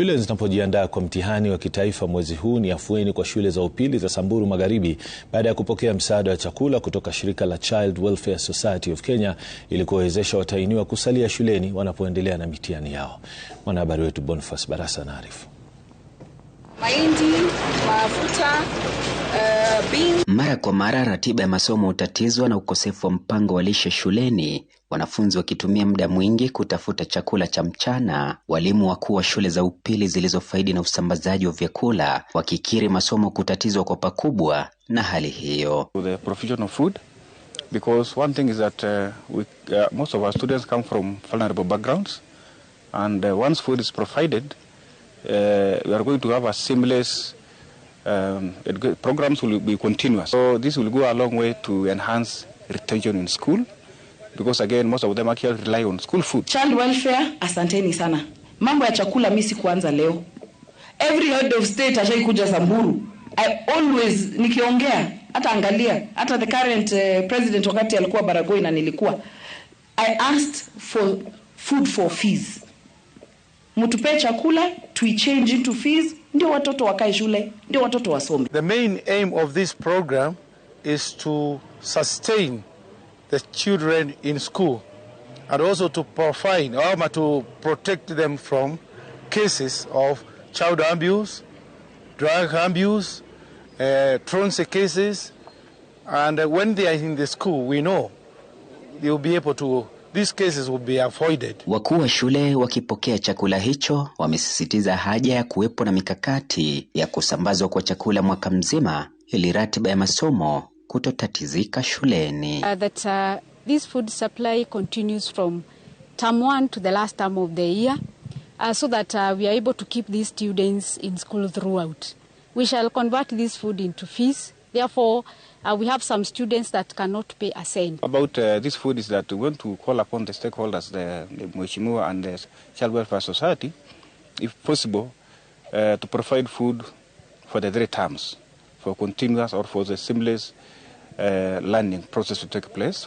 Shule zinapojiandaa kwa mtihani wa kitaifa mwezi huu, ni afueni kwa shule za upili za Samburu Magharibi baada ya kupokea msaada wa chakula kutoka shirika la Child Welfare Society of Kenya ili kuwawezesha watahiniwa kusalia shuleni wanapoendelea na mitihani yao. Mwanahabari wetu Boniface Barasa anaarifu mahindi, mafuta, uh, Mara kwa mara ratiba ya masomo hutatizwa na ukosefu wa mpango wa lishe shuleni, wanafunzi wakitumia muda mwingi kutafuta chakula cha mchana, walimu wakuu wa shule za upili zilizofaidi na usambazaji wa vyakula wakikiri masomo kutatizwa kwa pakubwa na hali hiyo uh, we are going to have a seamless um, programs will be continuous. So this will go a long way to enhance retention in school because again most of them actually rely on school food. Child welfare, asanteni sana. Mambo ya chakula mimi kuanza leo. Every head of state ashai kuja Samburu. I always nikiongea hata angalia hata the current uh, president wakati alikuwa Baragoi na nilikuwa I asked for food for fees chakula into fees, ndio watoto wakae shule, ndio watoto wasome. The main aim of this program is to sustain the children in school and also to provide or to protect them from cases of child abuse, drug abuse, uh, truancy cases, and uh, when they are in the school, we know they will be able to These cases will be avoided. Wakuu wa shule wakipokea chakula hicho wamesisitiza haja ya kuwepo na mikakati ya kusambazwa kwa chakula mwaka mzima ili ratiba ya masomo kutotatizika shuleni. Uh, that, uh, this food supply continues from term one to the last term of the year, uh, so that uh, we are able to keep these students in school throughout. We shall convert this food into fees Therefore, uh, we have some students that cannot pay a cent. About uh, this food is that we want to call upon the stakeholders, the, the and the Child Welfare Society, if possible, uh, to provide food for the three terms, for continuous or for the seamless uh, learning process to take place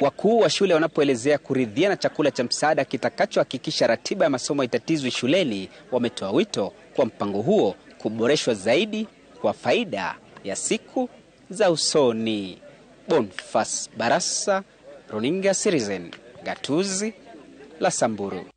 Wakuu wa shule wanapoelezea kuridhia na chakula cha msaada kitakachohakikisha ratiba ya masomo itatizwi shuleni, wametoa wito kwa mpango huo kuboreshwa zaidi kwa faida ya siku za usoni. Bonfas Barasa, Runinga Citizen, gatuzi la Samburu.